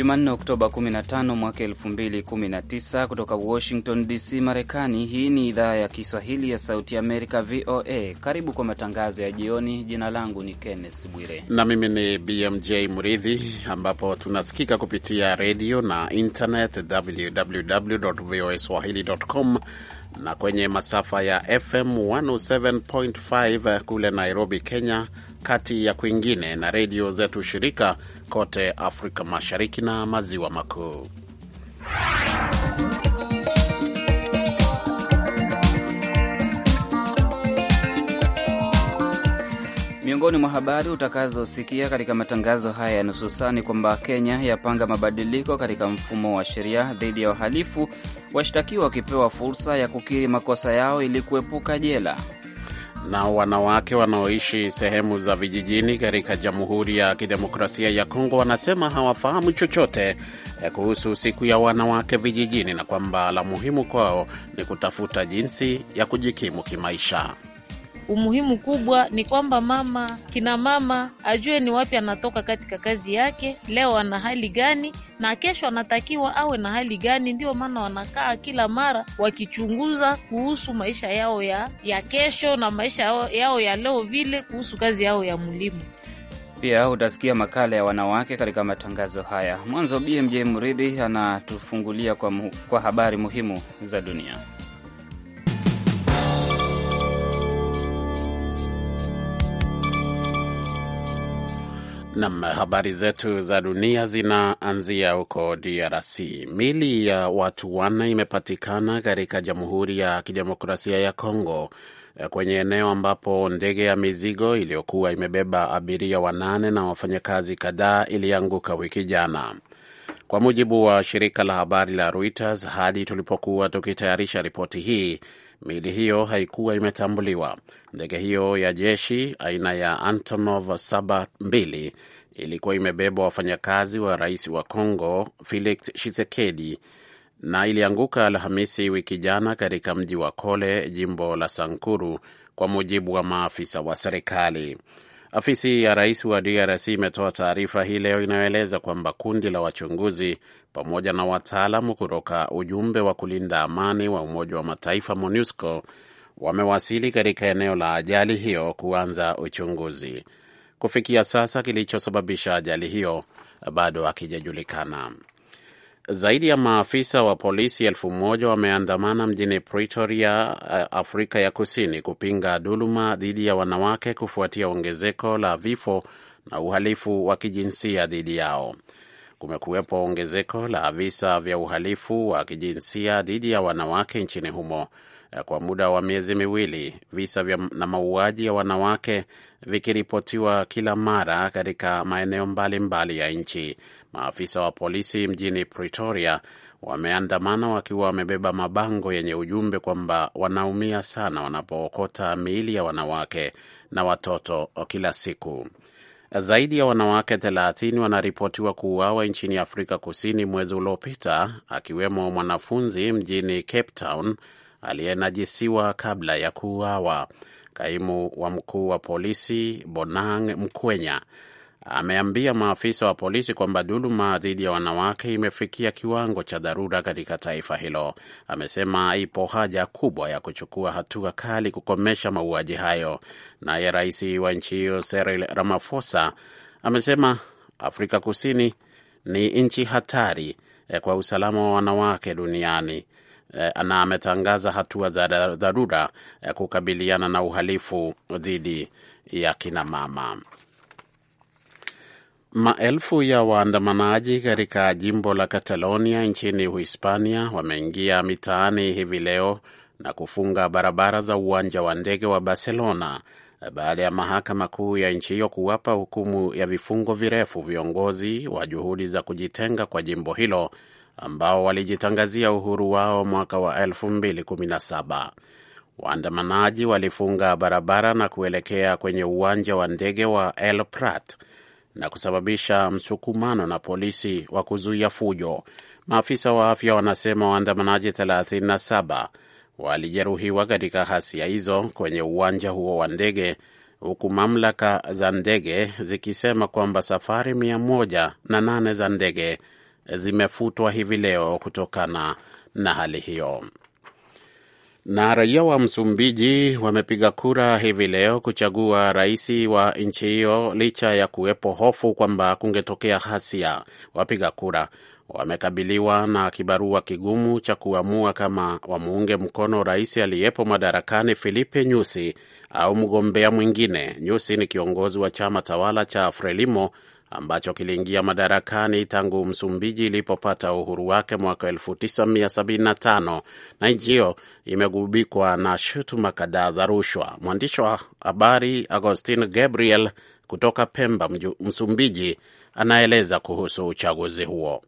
Jumanne, Oktoba 15 mwaka 2019, kutoka Washington DC, Marekani. Hii ni idhaa ya Kiswahili ya Sauti Amerika, VOA. Karibu kwa matangazo ya jioni. Jina langu ni Kenneth Bwire na mimi ni BMJ Mridhi, ambapo tunasikika kupitia redio na internet, www voa swahili.com na kwenye masafa ya FM 107.5 kule Nairobi, Kenya kati ya kwingine na redio zetu shirika kote Afrika Mashariki na Maziwa Makuu. Miongoni mwa habari utakazosikia katika matangazo haya ya nusu saa ni kwamba Kenya yapanga mabadiliko katika mfumo wa sheria dhidi ya wahalifu, washtakiwa wakipewa fursa ya kukiri makosa yao ili kuepuka jela. Na wanawake wanaoishi sehemu za vijijini katika Jamhuri ya Kidemokrasia ya Kongo wanasema hawafahamu chochote eh, kuhusu siku ya wanawake vijijini na kwamba la muhimu kwao ni kutafuta jinsi ya kujikimu kimaisha umuhimu kubwa ni kwamba mama, kina mama ajue ni wapi anatoka katika kazi yake, leo ana hali gani na kesho anatakiwa awe na hali gani. Ndio maana wanakaa kila mara wakichunguza kuhusu maisha yao ya, ya kesho na maisha yao, yao ya leo vile kuhusu kazi yao ya mulimu. Pia utasikia makala ya wanawake katika matangazo haya. Mwanzo BMJ mridhi anatufungulia kwa, kwa habari muhimu za dunia. Nam, habari zetu za dunia zinaanzia huko DRC. Mili ya watu wanne imepatikana katika Jamhuri ya Kidemokrasia ya Kongo eh, kwenye eneo ambapo ndege ya mizigo iliyokuwa imebeba abiria wanane na wafanyakazi kadhaa ilianguka wiki jana, kwa mujibu wa shirika la habari la Reuters. Hadi tulipokuwa tukitayarisha ripoti hii Miili hiyo haikuwa imetambuliwa. Ndege hiyo ya jeshi aina ya Antonov 72 ilikuwa imebeba wafanyakazi wa rais wa congo Felix Tshisekedi na ilianguka Alhamisi wiki jana katika mji wa Kole, jimbo la Sankuru, kwa mujibu wa maafisa wa serikali. Afisi ya rais wa DRC imetoa taarifa hii leo inayoeleza kwamba kundi la wachunguzi pamoja na wataalamu kutoka ujumbe wa kulinda amani wa Umoja wa Mataifa MONUSCO wamewasili katika eneo la ajali hiyo kuanza uchunguzi. Kufikia sasa, kilichosababisha ajali hiyo bado hakijajulikana. Zaidi ya maafisa wa polisi elfu moja wameandamana mjini Pretoria, eh, Afrika ya Kusini, kupinga dhuluma dhidi ya wanawake kufuatia ongezeko la vifo na uhalifu wa kijinsia dhidi yao. Kumekuwepo ongezeko la visa vya uhalifu wa kijinsia dhidi ya wanawake nchini humo eh, kwa muda wa miezi miwili, visa vya na mauaji ya wanawake vikiripotiwa kila mara katika maeneo mbalimbali mbali ya nchi. Maafisa wa polisi mjini Pretoria wameandamana wakiwa wamebeba mabango yenye ujumbe kwamba wanaumia sana wanapookota miili ya wanawake na watoto kila siku. Zaidi ya wanawake 30 wanaripotiwa kuuawa nchini Afrika Kusini mwezi uliopita, akiwemo mwanafunzi mjini Cape Town aliyenajisiwa kabla ya kuuawa. Kaimu wa mkuu wa polisi Bonang Mkwenya ameambia maafisa wa polisi kwamba dhuluma dhidi ya wanawake imefikia kiwango cha dharura katika taifa hilo. Amesema ipo haja kubwa ya kuchukua hatua kali kukomesha mauaji hayo. Naye rais wa nchi hiyo Cyril Ramaphosa amesema Afrika Kusini ni nchi hatari eh, kwa usalama wa wanawake duniani eh, na ametangaza hatua za dharura eh, kukabiliana na uhalifu dhidi ya kinamama. Maelfu ya waandamanaji katika jimbo la Catalonia nchini Uhispania wameingia mitaani hivi leo na kufunga barabara za uwanja wa ndege wa Barcelona baada ya mahakama kuu ya nchi hiyo kuwapa hukumu ya vifungo virefu viongozi wa juhudi za kujitenga kwa jimbo hilo ambao walijitangazia uhuru wao mwaka wa 2017. Waandamanaji walifunga barabara na kuelekea kwenye uwanja wa ndege wa El Prat na kusababisha msukumano na polisi wa kuzuia fujo. Maafisa wa afya wanasema waandamanaji 37 walijeruhiwa katika hasia hizo kwenye uwanja huo wa ndege, huku mamlaka za ndege zikisema kwamba safari 108 za ndege zimefutwa hivi leo kutokana na hali hiyo. Na raia wa Msumbiji wamepiga kura hivi leo kuchagua rais wa nchi hiyo licha ya kuwepo hofu kwamba kungetokea ghasia. Wapiga kura wamekabiliwa na kibarua kigumu cha kuamua kama wamuunge mkono rais aliyepo madarakani Filipe Nyusi au mgombea mwingine. Nyusi ni kiongozi wa chama tawala cha Frelimo ambacho kiliingia madarakani tangu Msumbiji ilipopata uhuru wake mwaka 1975 na nchi hiyo imegubikwa na shutuma kadhaa za rushwa. Mwandishi wa habari Agostin Gabriel kutoka Pemba, Msumbiji, anaeleza kuhusu uchaguzi huo.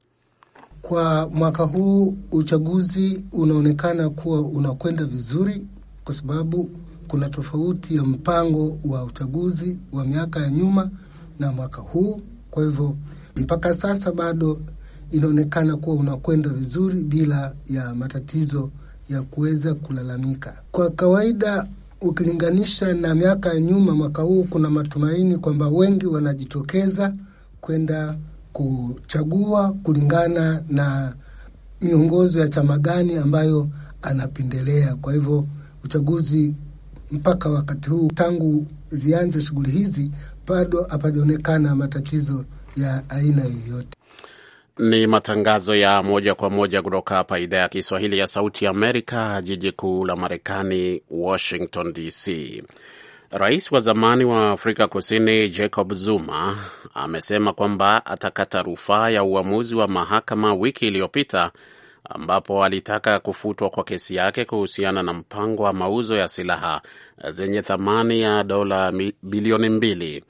Kwa mwaka huu uchaguzi unaonekana kuwa unakwenda vizuri, kwa sababu kuna tofauti ya mpango wa uchaguzi wa miaka ya nyuma na mwaka huu, kwa hivyo mpaka sasa bado inaonekana kuwa unakwenda vizuri bila ya matatizo ya kuweza kulalamika. Kwa kawaida ukilinganisha na miaka ya nyuma, mwaka huu kuna matumaini kwamba wengi wanajitokeza kwenda kuchagua kulingana na miongozo ya chama gani ambayo anapendelea. Kwa hivyo uchaguzi mpaka wakati huu tangu zianze shughuli hizi bado hapajaonekana matatizo ya aina yoyote. Ni matangazo ya moja kwa moja kutoka hapa idhaa ya Kiswahili ya Sauti Amerika, jiji kuu la Marekani, Washington DC. Rais wa zamani wa Afrika Kusini Jacob Zuma amesema kwamba atakata rufaa ya uamuzi wa mahakama wiki iliyopita ambapo alitaka kufutwa kwa kesi yake kuhusiana na mpango wa mauzo ya silaha zenye thamani ya dola bilioni mbili.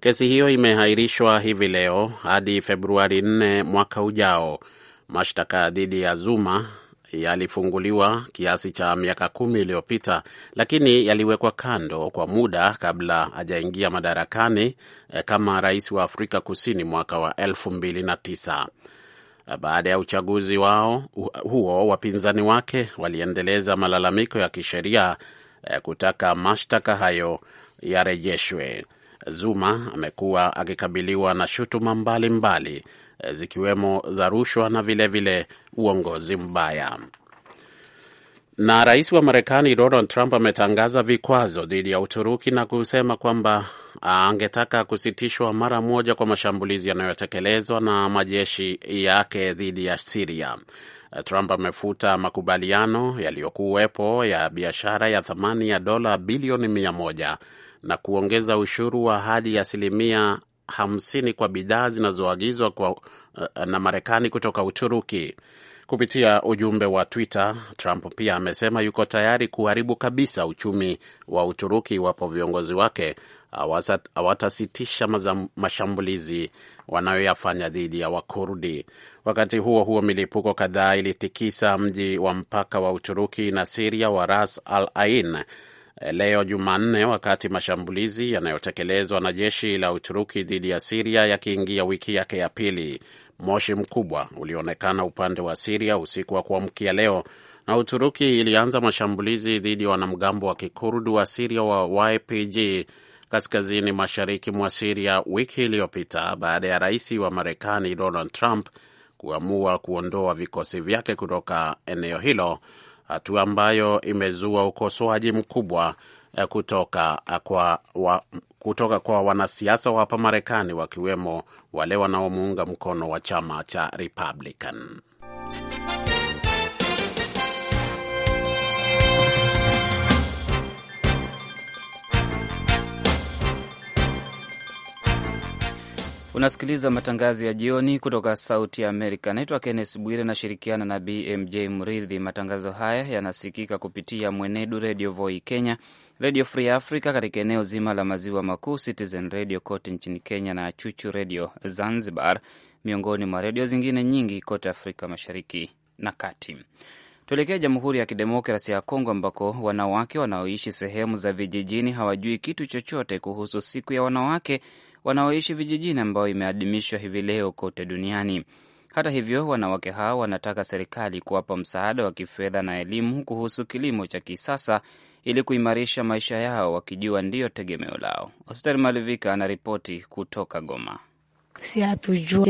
Kesi hiyo imehairishwa hivi leo hadi Februari 4 mwaka ujao. Mashtaka dhidi ya Zuma yalifunguliwa kiasi cha miaka kumi iliyopita lakini yaliwekwa kando kwa muda kabla hajaingia madarakani eh, kama rais wa Afrika Kusini mwaka wa elfu mbili na tisa. Baada ya uchaguzi wao uh, huo, wapinzani wake waliendeleza malalamiko ya kisheria eh, kutaka mashtaka hayo yarejeshwe. Zuma amekuwa akikabiliwa na shutuma mbalimbali eh, zikiwemo za rushwa na vilevile vile uongozi mbaya. Na rais wa Marekani Donald Trump ametangaza vikwazo dhidi ya Uturuki na kusema kwamba angetaka kusitishwa mara moja kwa mashambulizi yanayotekelezwa na majeshi yake dhidi ya Siria. Trump amefuta makubaliano yaliyokuwepo ya biashara ya thamani ya dola bilioni mia moja na kuongeza ushuru wa hadi asilimia hamsini kwa bidhaa zinazoagizwa na, eh, na Marekani kutoka Uturuki. Kupitia ujumbe wa Twitter, Trump pia amesema yuko tayari kuharibu kabisa uchumi wa Uturuki iwapo viongozi wake hawatasitisha mashambulizi wanayoyafanya dhidi ya Wakurdi. Wakati huo huo, milipuko kadhaa ilitikisa mji wa mpaka wa Uturuki na Siria wa Ras Al Ain eh, leo Jumanne, wakati mashambulizi yanayotekelezwa na jeshi la Uturuki dhidi ya Siria yakiingia wiki yake ya pili. Moshi mkubwa ulionekana upande wa Siria usiku wa kuamkia leo, na Uturuki ilianza mashambulizi dhidi ya wanamgambo wa kikurdu wa Siria wa YPG kaskazini mashariki mwa Siria wiki iliyopita baada ya rais wa Marekani Donald Trump kuamua kuondoa vikosi vyake kutoka eneo hilo, hatua ambayo imezua ukosoaji mkubwa eh, kutoka eh, kwa, wa, kutoka kwa wanasiasa wa hapa Marekani wakiwemo wale wanaomuunga mkono wa chama cha Republican. Unasikiliza matangazo ya jioni kutoka Sauti ya Amerika. Naitwa Kennes Bwire, nashirikiana na BMJ Mridhi. Matangazo haya yanasikika kupitia Mwenedu Redio Voi Kenya, Redio Free Africa katika eneo zima la maziwa makuu, Citizen Radio kote nchini Kenya na Chuchu Redio Zanzibar, miongoni mwa redio zingine nyingi kote Afrika Mashariki na Kati. Tuelekea Jamhuri ya kidemokrasi ya Kongo ambako wanawake wanaoishi sehemu za vijijini hawajui kitu chochote kuhusu siku ya wanawake wanaoishi vijijini ambayo imeadhimishwa hivi leo kote duniani. Hata hivyo, wanawake hao wanataka serikali kuwapa msaada wa kifedha na elimu kuhusu kilimo cha kisasa ili kuimarisha maisha yao, wakijua ndiyo tegemeo lao. Oster Malivika anaripoti kutoka Goma si hatujua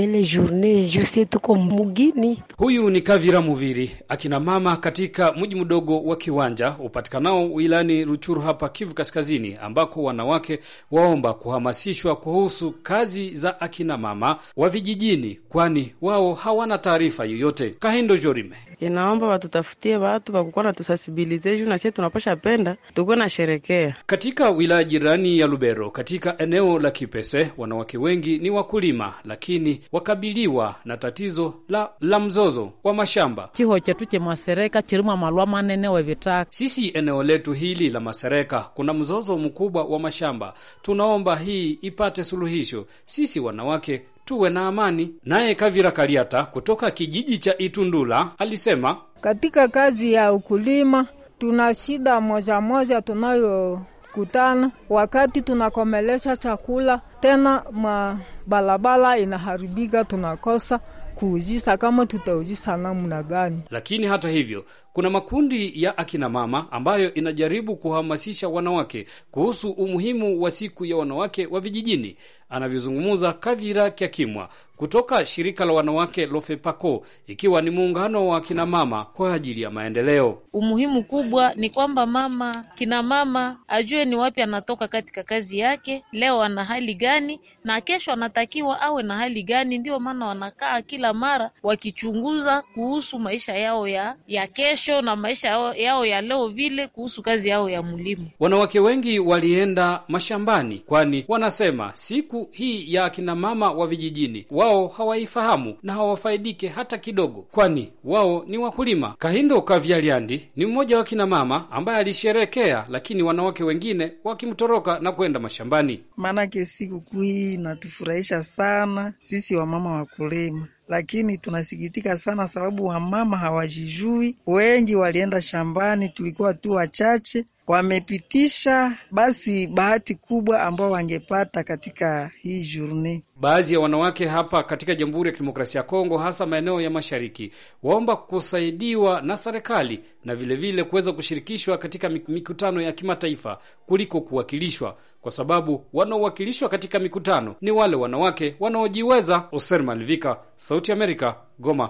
tuko mugini. Huyu ni Kavira Muviri, akina mama katika mji mdogo wa Kiwanja upatikanao wilani Ruchuru hapa Kivu Kaskazini, ambako wanawake waomba kuhamasishwa kuhusu kazi za akina mama wa vijijini, kwani wao hawana taarifa yoyote. Kahindo Jorime inaomba watutafutie watu wakukuwa natusensibilize juu na sie tunapasha penda tukuwe na sherekea. Katika wilaya jirani ya Lubero, katika eneo la Kipese, wanawake wengi ni wakulima, lakini wakabiliwa na tatizo la, la mzozo wa mashamba. chiho chetu masereka chirima malwa manene wevitaka sisi eneo letu hili la Masereka kuna mzozo mkubwa wa mashamba, tunaomba hii ipate suluhisho. Sisi wanawake tuwe na amani. Naye Kavira Kaliata kutoka kijiji cha Itundula alisema katika kazi ya ukulima tuna shida moja moja tunayokutana wakati tunakomelesha chakula, tena mabalabala inaharibika, tunakosa kuujisa kama tutaujisa namna gani? Lakini hata hivyo, kuna makundi ya akina mama ambayo inajaribu kuhamasisha wanawake kuhusu umuhimu wa siku ya wanawake wa vijijini anavyozungumza Kavira Kyakimwa kutoka shirika la wanawake Lofepako, ikiwa ni muungano wa kinamama kwa ajili ya maendeleo. Umuhimu kubwa ni kwamba mama kinamama ajue ni wapi anatoka katika kazi yake, leo ana hali gani na kesho anatakiwa awe na hali gani. Ndiyo maana wanakaa kila mara wakichunguza kuhusu maisha yao ya, ya kesho na maisha yao, yao ya leo, vile kuhusu kazi yao ya mlimo. Wanawake wengi walienda mashambani, kwani wanasema siku siku hii ya akina mama wa vijijini, wao hawaifahamu na hawafaidike hata kidogo, kwani wao ni wakulima. Kahindo Kavyaliandi ni mmoja wa kina mama ambaye alisherekea, lakini wanawake wengine wakimtoroka na kwenda mashambani. Maanake sikukuu hii inatufurahisha sana sisi wamama wakulima lakini tunasikitika sana sababu wamama hawajijui. Wengi walienda shambani, tulikuwa tu wachache wamepitisha. Basi bahati kubwa ambao wangepata katika hii journee Baadhi ya wanawake hapa katika Jamhuri ya Kidemokrasia ya Kongo, hasa maeneo ya mashariki, waomba kusaidiwa na serikali na vilevile kuweza kushirikishwa katika mikutano ya kimataifa kuliko kuwakilishwa, kwa sababu wanaowakilishwa katika mikutano ni wale wanawake wanaojiweza. Oser Malvika, Sauti ya Amerika, Goma.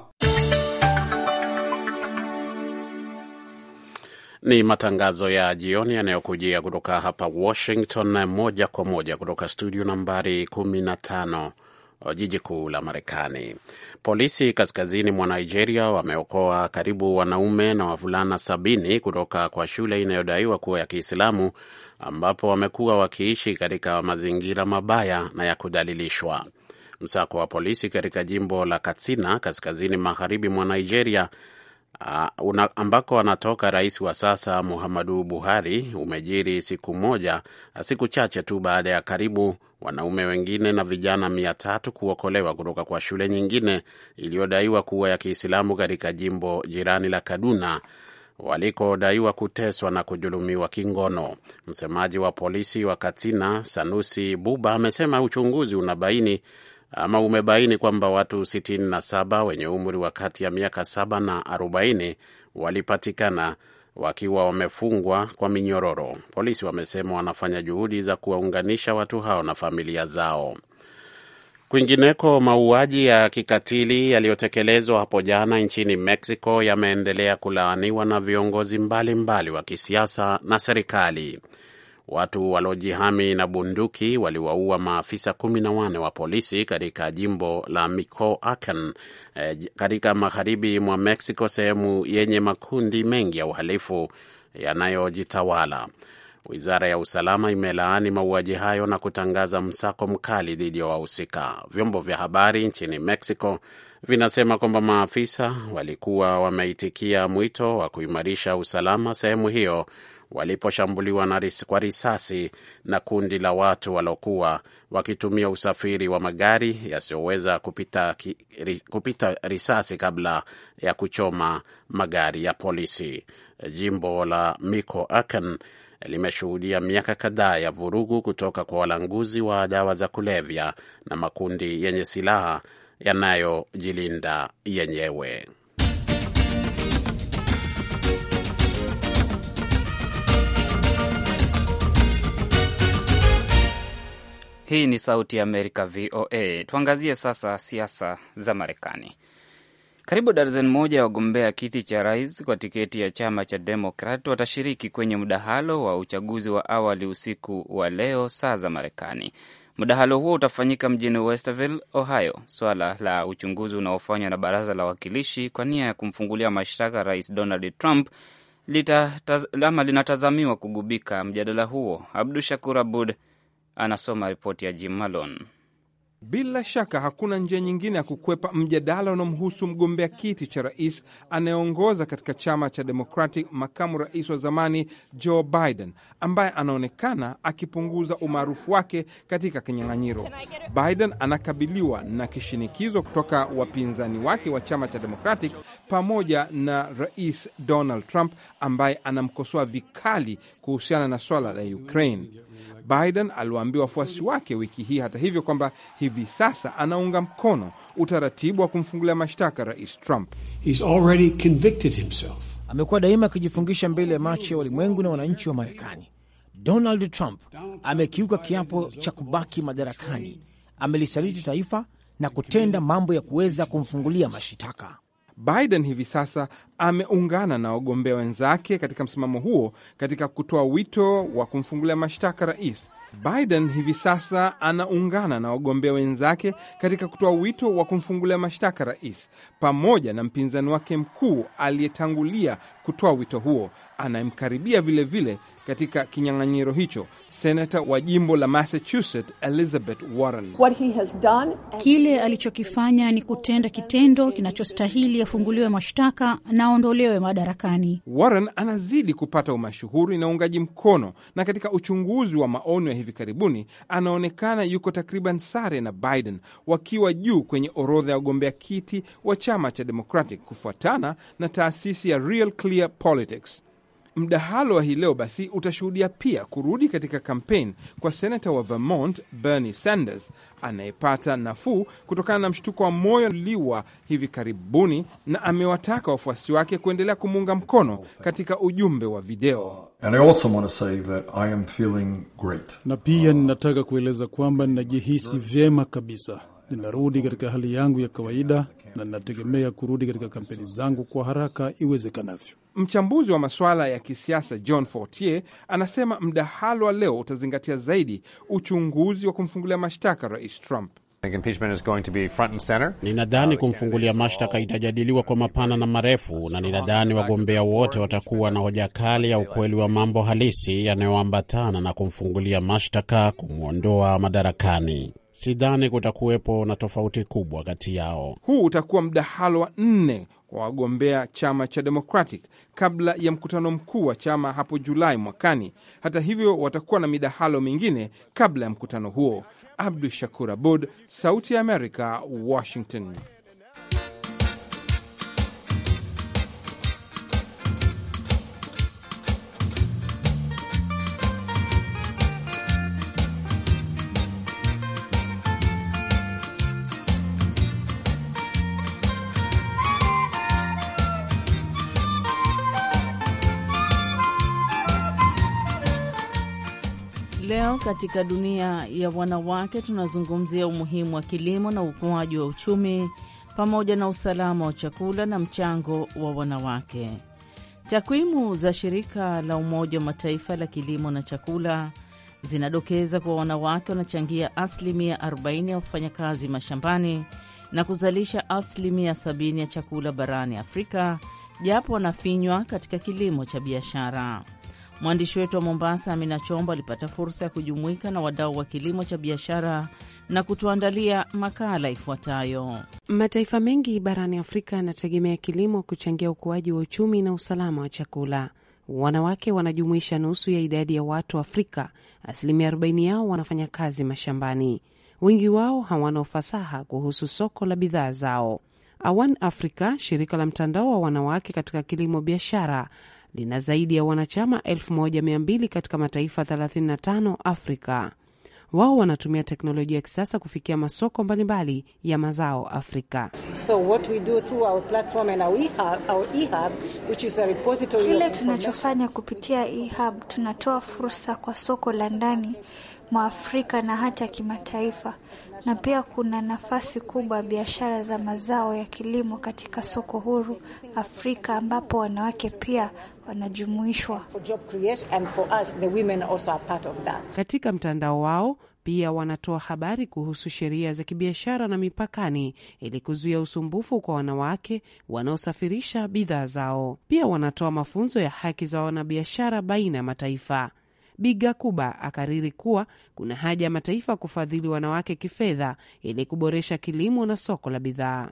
Ni matangazo ya jioni yanayokujia kutoka hapa Washington, moja kwa moja kutoka studio nambari 15 jiji kuu la Marekani. Polisi kaskazini mwa Nigeria wameokoa karibu wanaume na wavulana sabini kutoka kwa shule inayodaiwa kuwa ya Kiislamu ambapo wamekuwa wakiishi katika mazingira mabaya na ya kudhalilishwa. Msako wa polisi katika jimbo la Katsina kaskazini magharibi mwa Nigeria uh, ambako anatoka rais wa sasa Muhammadu Buhari umejiri siku moja, ah, siku chache tu baada ya karibu wanaume wengine na vijana mia tatu kuokolewa kutoka kwa shule nyingine iliyodaiwa kuwa ya Kiislamu katika jimbo jirani la Kaduna walikodaiwa kuteswa na kujulumiwa kingono. Msemaji wa polisi wa Katsina, Sanusi Buba, amesema uchunguzi unabaini ama umebaini kwamba watu 67 wenye umri wa kati ya miaka 7 na 40 walipatikana wakiwa wamefungwa kwa minyororo. Polisi wamesema wanafanya juhudi za kuwaunganisha watu hao na familia zao. Kwingineko, mauaji ya kikatili yaliyotekelezwa hapo jana nchini Mexico yameendelea kulaaniwa na viongozi mbalimbali mbali wa kisiasa na serikali. Watu walojihami na bunduki waliwaua maafisa kumi na wane wa polisi katika jimbo la Michoacan e, eh, katika magharibi mwa Mexico, sehemu yenye makundi mengi ya uhalifu yanayojitawala. Wizara ya usalama imelaani mauaji hayo na kutangaza msako mkali dhidi ya wahusika. Vyombo vya habari nchini Mexico vinasema kwamba maafisa walikuwa wameitikia mwito wa kuimarisha usalama sehemu hiyo waliposhambuliwa kwa risasi na kundi la watu waliokuwa wakitumia usafiri wa magari yasiyoweza kupita, kupita risasi kabla ya kuchoma magari ya polisi. Jimbo la Miko aan limeshuhudia miaka kadhaa ya vurugu kutoka kwa walanguzi wa dawa za kulevya na makundi yenye silaha yanayojilinda yenyewe. Hii ni Sauti ya Amerika, VOA. Tuangazie sasa siasa za Marekani. Karibu darzen moja ya wagombea kiti cha rais kwa tiketi ya chama cha Demokrat watashiriki kwenye mdahalo wa uchaguzi wa awali usiku wa leo saa za Marekani. Mdahalo huo utafanyika mjini Westerville, Ohio. Swala la uchunguzi unaofanywa na baraza la wawakilishi kwa nia ya kumfungulia mashtaka rais Donald Trump lita, taz, ama linatazamiwa kugubika mjadala huo. Abdu Shakur Abud anasoma ripoti ya Jim Malone. Bila shaka hakuna njia nyingine ya kukwepa mjadala unaomhusu mgombea kiti cha rais anayeongoza katika chama cha Democratic, makamu rais wa zamani Joe Biden, ambaye anaonekana akipunguza umaarufu wake katika kinyang'anyiro. Biden anakabiliwa na kishinikizo kutoka wapinzani wake wa chama cha Democratic pamoja na rais Donald Trump ambaye anamkosoa vikali kuhusiana na swala la Ukraine. Biden aliwaambia wafuasi wake wiki hii, hata hivyo, kwamba hivi sasa anaunga mkono utaratibu wa kumfungulia mashtaka Rais Trump. He's already convicted himself. Amekuwa daima akijifungisha mbele ya macho ya walimwengu na wananchi wa Marekani. Donald Trump amekiuka kiapo cha kubaki madarakani, amelisaliti taifa na kutenda mambo ya kuweza kumfungulia mashitaka. Biden hivi sasa ameungana na wagombea wenzake katika msimamo huo katika kutoa wito wa kumfungulia mashtaka rais. Biden hivi sasa anaungana na wagombea wenzake katika kutoa wito wa kumfungulia mashtaka rais pamoja na mpinzani wake mkuu aliyetangulia kutoa wito huo. Anayemkaribia vilevile katika kinyang'anyiro hicho senata wa jimbo la Massachusetts Elizabeth Warren. Kile alichokifanya ni kutenda kitendo kinachostahili afunguliwe mashtaka na aondolewe madarakani. Warren anazidi kupata umashuhuri na uungaji mkono, na katika uchunguzi wa maoni ya hivi karibuni anaonekana yuko takriban sare na Biden, wakiwa juu kwenye orodha ya wagombea kiti wa chama cha Democratic kufuatana na taasisi ya Real Clear Familia Politics. Mdahalo wa hii leo basi utashuhudia pia kurudi katika kampeni kwa senata wa Vermont Bernie Sanders anayepata nafuu kutokana na mshtuko wa moyo liwa hivi karibuni, na amewataka wafuasi wake kuendelea kumuunga mkono katika ujumbe wa video. And I also want to say that I am feeling great. Na pia ninataka kueleza kwamba ninajihisi uh, vyema kabisa, ninarudi katika hali yangu ya kawaida na ninategemea kurudi katika kampeni zangu kwa haraka iwezekanavyo. Mchambuzi wa masuala ya kisiasa John Fortier anasema mdahalo wa leo utazingatia zaidi uchunguzi wa kumfungulia mashtaka Rais Trump. Ninadhani kumfungulia mashtaka itajadiliwa kwa mapana na marefu, na ninadhani wagombea wote watakuwa na hoja kali ya ukweli wa mambo halisi yanayoambatana na kumfungulia mashtaka, kumwondoa madarakani sidhani kutakuwepo na tofauti kubwa kati yao. Huu utakuwa mdahalo wa nne kwa wagombea chama cha Democratic kabla ya mkutano mkuu wa chama hapo Julai mwakani. Hata hivyo, watakuwa na midahalo mingine kabla ya mkutano huo. Abdu Shakur Abud, Sauti ya Amerika, Washington. leo katika dunia ya wanawake tunazungumzia umuhimu wa kilimo na ukuaji wa uchumi pamoja na usalama wa chakula na mchango wa wanawake. Takwimu za shirika la Umoja wa Mataifa la kilimo na chakula zinadokeza kuwa wanawake wanachangia asilimia 40 ya wafanyakazi mashambani na kuzalisha asilimia 70 ya chakula barani Afrika, japo wanafinywa katika kilimo cha biashara. Mwandishi wetu wa Mombasa, Amina Chombo, alipata fursa ya kujumuika na wadau wa kilimo cha biashara na kutuandalia makala ifuatayo. Mataifa mengi barani Afrika yanategemea kilimo kuchangia ukuaji wa uchumi na usalama wa chakula. Wanawake wanajumuisha nusu ya idadi ya watu Afrika. Asilimia 40 yao wanafanya kazi mashambani. Wengi wao hawana ufasaha kuhusu soko la bidhaa zao. Awan Africa, shirika la mtandao wa wanawake katika kilimo biashara, lina zaidi ya wanachama 1200 katika mataifa 35 Afrika. Wao wanatumia teknolojia ya kisasa kufikia masoko mbalimbali ya mazao Afrika. So kile tunachofanya kupitia eHub, tunatoa fursa kwa soko la ndani mwa Afrika na hata kimataifa na pia kuna nafasi kubwa biashara za mazao ya kilimo katika soko huru Afrika ambapo wanawake pia wanajumuishwa. Katika mtandao wao pia wanatoa habari kuhusu sheria za kibiashara na mipakani ili kuzuia usumbufu kwa wanawake wanaosafirisha bidhaa zao. Pia wanatoa mafunzo ya haki za wanabiashara baina ya mataifa. Bigakuba akariri kuwa kuna haja ya mataifa kufadhili wanawake kifedha ili kuboresha kilimo na soko la bidhaa.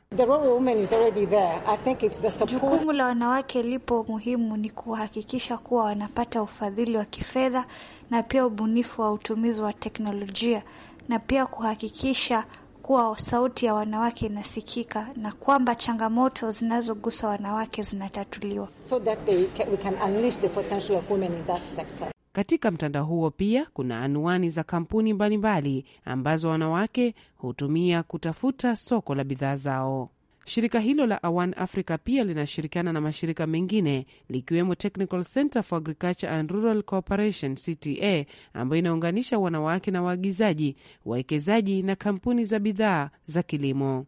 Jukumu la wanawake lipo muhimu, ni kuhakikisha kuwa wanapata ufadhili wa kifedha na pia ubunifu wa utumizi wa teknolojia na pia kuhakikisha kuwa sauti ya wanawake inasikika na kwamba changamoto zinazogusa wanawake zinatatuliwa. So that they can, we can unleash the potential of women in that sector. Katika mtandao huo pia kuna anwani za kampuni mbalimbali ambazo wanawake hutumia kutafuta soko la bidhaa zao. Shirika hilo la Awan Africa pia linashirikiana na mashirika mengine likiwemo Technical Center for Agriculture and Rural Cooperation CTA, ambayo inaunganisha wanawake na waagizaji, wawekezaji na kampuni za bidhaa za kilimo.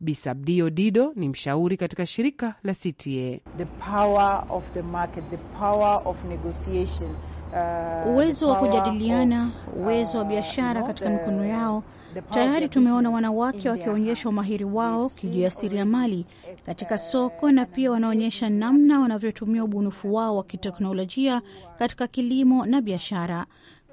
Bisabdio Dido ni mshauri katika shirika la CTA. The power of the market, the power of negotiation. Uh, uwezo wa kujadiliana, uwezo wa uh, biashara katika mikono yao. Tayari tumeona wanawake wakionyesha umahiri wao kijasiriamali uh, katika soko, na pia wanaonyesha namna wanavyotumia ubunifu wao wa kiteknolojia katika kilimo na biashara.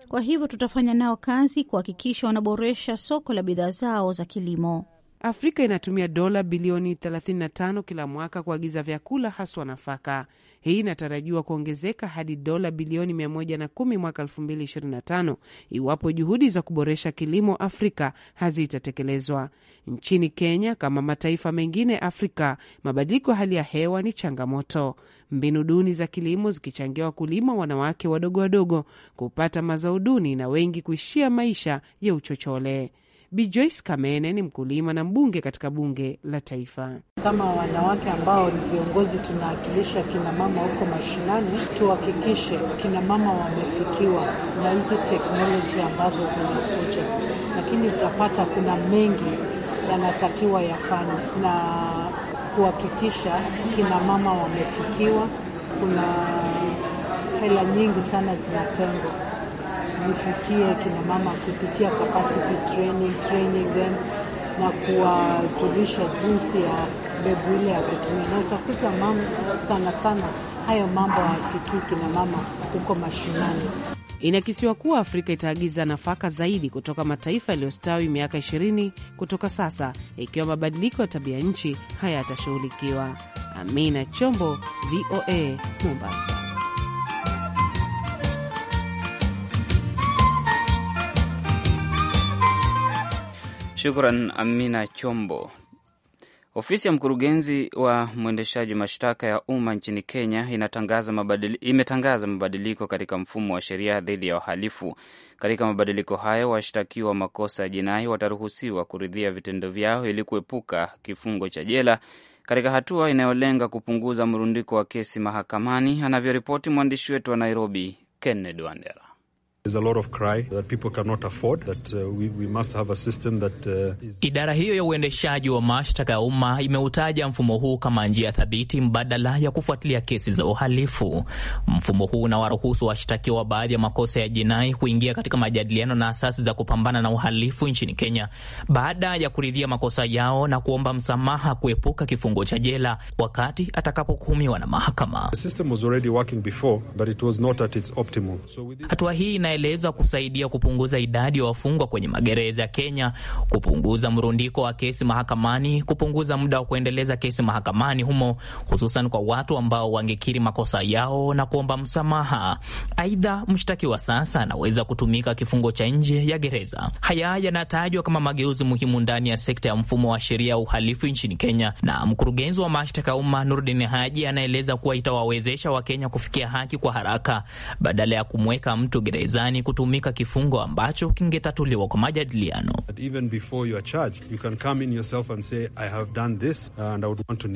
Kwa hivyo tutafanya nao kazi kuhakikisha wanaboresha soko la bidhaa zao za kilimo. Afrika inatumia dola bilioni 35 kila mwaka kuagiza vyakula, haswa nafaka. Hii inatarajiwa kuongezeka hadi dola bilioni 110 mwaka 2025 iwapo juhudi za kuboresha kilimo Afrika hazitatekelezwa. Nchini Kenya, kama mataifa mengine Afrika, mabadiliko ya hali ya hewa ni changamoto, mbinu duni za kilimo zikichangia wakulima wanawake wadogo wadogo kupata mazao duni na wengi kuishia maisha ya uchochole. Bi Joyce Kamene ni mkulima na mbunge katika bunge la Taifa. Kama wanawake ambao ni viongozi, tunawakilisha kinamama huko mashinani, tuhakikishe kinamama wamefikiwa na hizi teknoloji ambazo zinakuja, lakini utapata kuna mengi yanatakiwa yafanywe na kuhakikisha kinamama wamefikiwa. Kuna hela nyingi sana zinatengwa zifikie kina mama kupitia capacity training, training them na kuwajulisha jinsi ya mbegu ile ya kutumia, na utakuta mama sana sana hayo mambo hayafikii kina mama huko mashinani. Inakisiwa kuwa Afrika itaagiza nafaka zaidi kutoka mataifa yaliyostawi miaka 20 kutoka sasa, ikiwa mabadiliko ya tabia nchi hayatashughulikiwa. Amina Chombo, VOA, Mombasa. Shukran Amina Chombo. Ofisi ya mkurugenzi wa mwendeshaji mashtaka ya umma nchini Kenya inatangaza mabadili, imetangaza mabadiliko katika mfumo wa sheria dhidi ya wahalifu. Katika mabadiliko hayo, washtakiwa wa makosa ya jinai wataruhusiwa kuridhia vitendo vyao ili kuepuka kifungo cha jela, katika hatua inayolenga kupunguza mrundiko wa kesi mahakamani, anavyoripoti mwandishi wetu wa Nairobi, Kenneth Wandera. Uh, uh, Idara hiyo ya uendeshaji wa mashtaka ya umma imeutaja mfumo huu kama njia thabiti mbadala ya kufuatilia kesi za uhalifu. Mfumo huu unawaruhusu washtakiwa wa baadhi ya makosa ya jinai kuingia katika majadiliano na asasi za kupambana na uhalifu nchini Kenya baada ya kuridhia makosa yao na kuomba msamaha kuepuka kifungo cha jela wakati atakapohukumiwa na mahakama. Hatua hii inaelezwa kusaidia kupunguza idadi ya wafungwa kwenye magereza ya Kenya, kupunguza mrundiko wa kesi mahakamani, kupunguza muda wa kuendeleza kesi mahakamani humo, hususan kwa watu ambao wangekiri makosa yao na kuomba msamaha. Aidha, mshtakiwa sasa anaweza kutumika kifungo cha nje ya gereza. Haya yanatajwa kama mageuzi muhimu ndani ya sekta ya mfumo wa sheria ya uhalifu nchini Kenya, na mkurugenzi wa mashtaka ya umma Nurdin Haji anaeleza kuwa itawawezesha Wakenya kufikia haki kwa haraka badala ya kumweka mtu gereza upinzani kutumika kifungo ambacho kingetatuliwa kwa majadiliano.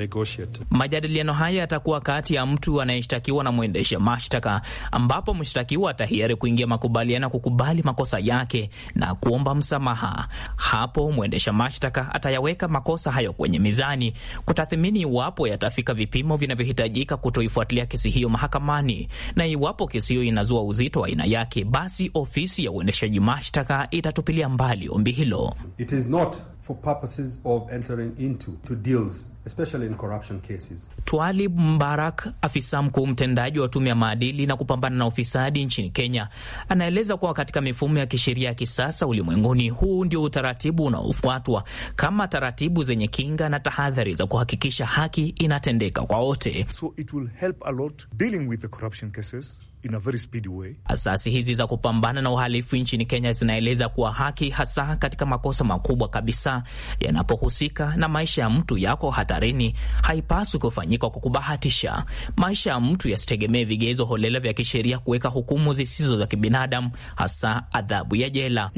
Uh, majadiliano haya yatakuwa kati ya mtu anayeshtakiwa na mwendesha mashtaka, ambapo mshtakiwa atahiari kuingia makubaliano kukubali makosa yake na kuomba msamaha. Hapo mwendesha mashtaka atayaweka makosa hayo kwenye mizani kutathimini iwapo yatafika vipimo vinavyohitajika kutoifuatilia kesi hiyo mahakamani na iwapo kesi hiyo inazua uzito wa aina yake basi ofisi ya uendeshaji mashtaka itatupilia mbali ombi hilo. It is not for purposes of entering into to deals especially in corruption cases. Twalib Mbarak, afisa mkuu mtendaji wa tume ya maadili na kupambana na ufisadi nchini Kenya, anaeleza kuwa katika mifumo ya kisheria ya kisasa ulimwenguni, huu ndio utaratibu unaofuatwa kama taratibu zenye kinga na tahadhari za kuhakikisha haki inatendeka kwa wote. So it will help a lot dealing with the corruption cases in a very speedy way. Asasi hizi za kupambana na uhalifu nchini Kenya zinaeleza kuwa haki, hasa katika makosa makubwa kabisa yanapohusika na maisha ya mtu yako hatarini, haipaswi kufanyika kwa kubahatisha. Maisha ya mtu yasitegemee vigezo holela vya kisheria kuweka hukumu zisizo za kibinadamu, hasa adhabu ya jela.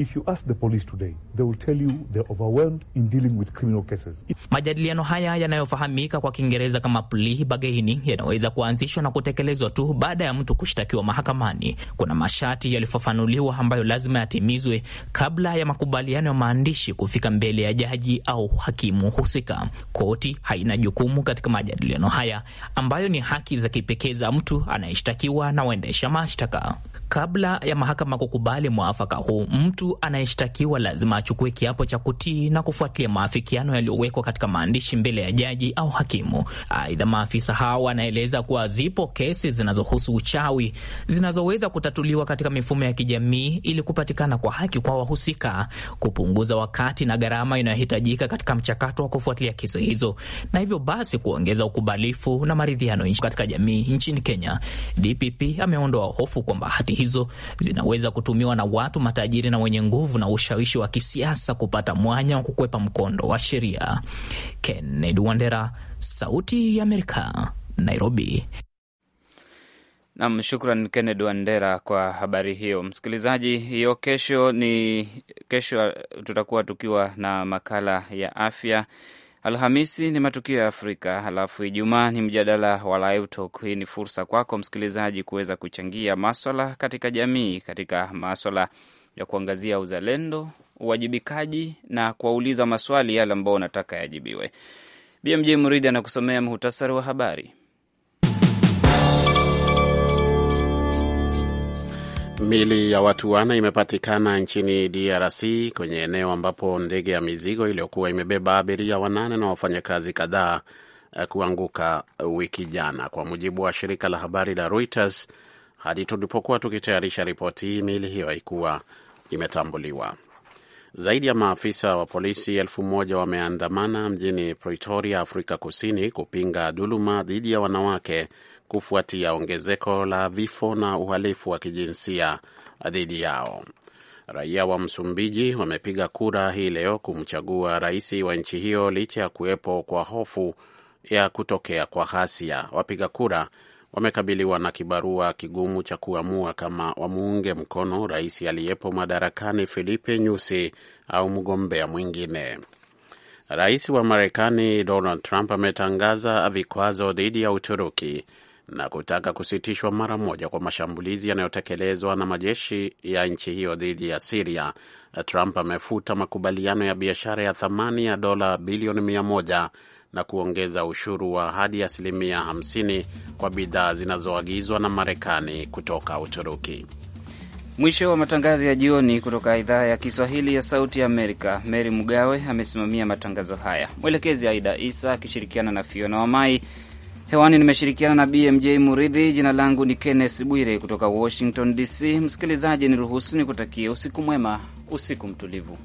Majadiliano haya yanayofahamika kwa Kiingereza kama plea bargaining yanaweza kuanzishwa na kutekelezwa tu baada ya mtu kushtakiwa kufikishwa mahakamani, kuna masharti yaliyofafanuliwa ambayo lazima yatimizwe kabla ya makubaliano ya maandishi kufika mbele ya jaji au hakimu husika. Koti haina jukumu katika majadiliano haya ambayo ni haki za kipekee za mtu anayeshtakiwa na waendesha mashtaka. Kabla ya mahakama kukubali mwafaka huu, mtu anayeshtakiwa lazima achukue kiapo cha kutii na kufuatilia maafikiano yaliyowekwa katika maandishi mbele ya jaji au hakimu. Aidha, maafisa hao wanaeleza kuwa zipo kesi zinazohusu uchawi zinazoweza kutatuliwa katika mifumo ya kijamii ili kupatikana kwa haki kwa wahusika, kupunguza wakati na gharama inayohitajika katika mchakato wa kufuatilia kesi hizo, na hivyo basi kuongeza ukubalifu na maridhiano katika jamii nchini Kenya. DPP ameondoa hofu kwamba hati hizo zinaweza kutumiwa na watu matajiri na wenye nguvu na ushawishi wa kisiasa kupata mwanya wa kukwepa mkondo wa sheria. Kennedy Wandera, Sauti ya Amerika, Nairobi. Nam, shukran Kennedy Wandera kwa habari hiyo. Msikilizaji, hiyo kesho ni kesho, tutakuwa tukiwa na makala ya afya. Alhamisi ni matukio ya Afrika, halafu Ijumaa ni mjadala wa Live Talk. Hii ni fursa kwako msikilizaji kuweza kuchangia maswala katika jamii, katika maswala ya kuangazia uzalendo, uwajibikaji na kuwauliza maswali yale ambao unataka yajibiwe. BMJ Mridhi anakusomea muhtasari wa habari. Mili ya watu wane imepatikana nchini DRC kwenye eneo ambapo ndege ya mizigo iliyokuwa imebeba abiria wanane na wafanyakazi kadhaa eh, kuanguka wiki jana, kwa mujibu wa shirika la habari la Reuters. Hadi tulipokuwa tukitayarisha ripoti hii, mili hiyo haikuwa imetambuliwa. Zaidi ya maafisa wa polisi elfu moja wameandamana mjini Pretoria, Afrika Kusini, kupinga dhuluma dhidi ya wanawake kufuatia ongezeko la vifo na uhalifu wa kijinsia dhidi yao. Raia wa Msumbiji wamepiga kura hii leo kumchagua rais wa nchi hiyo licha ya kuwepo kwa hofu ya kutokea kwa ghasia. Wapiga kura wamekabiliwa na kibarua kigumu cha kuamua kama wamuunge mkono rais aliyepo madarakani Filipe Nyusi au mgombea mwingine. Rais wa Marekani Donald Trump ametangaza vikwazo dhidi ya Uturuki na kutaka kusitishwa mara moja kwa mashambulizi yanayotekelezwa na majeshi ya nchi hiyo dhidi ya Siria, Trump amefuta makubaliano ya biashara ya thamani ya dola bilioni mia moja na kuongeza ushuru wa hadi asilimia 50 kwa bidhaa zinazoagizwa na Marekani kutoka Uturuki. Mwisho wa matangazo ya jioni kutoka idhaa ya Kiswahili ya Sauti ya Amerika. Meri Mgawe amesimamia matangazo haya, mwelekezi Aida Isa akishirikiana na Fiona Wamai. Hewani nimeshirikiana na BMJ Muridhi. Jina langu ni kennes Bwire kutoka Washington DC. Msikilizaji, niruhusu nikutakie usiku mwema, usiku mtulivu.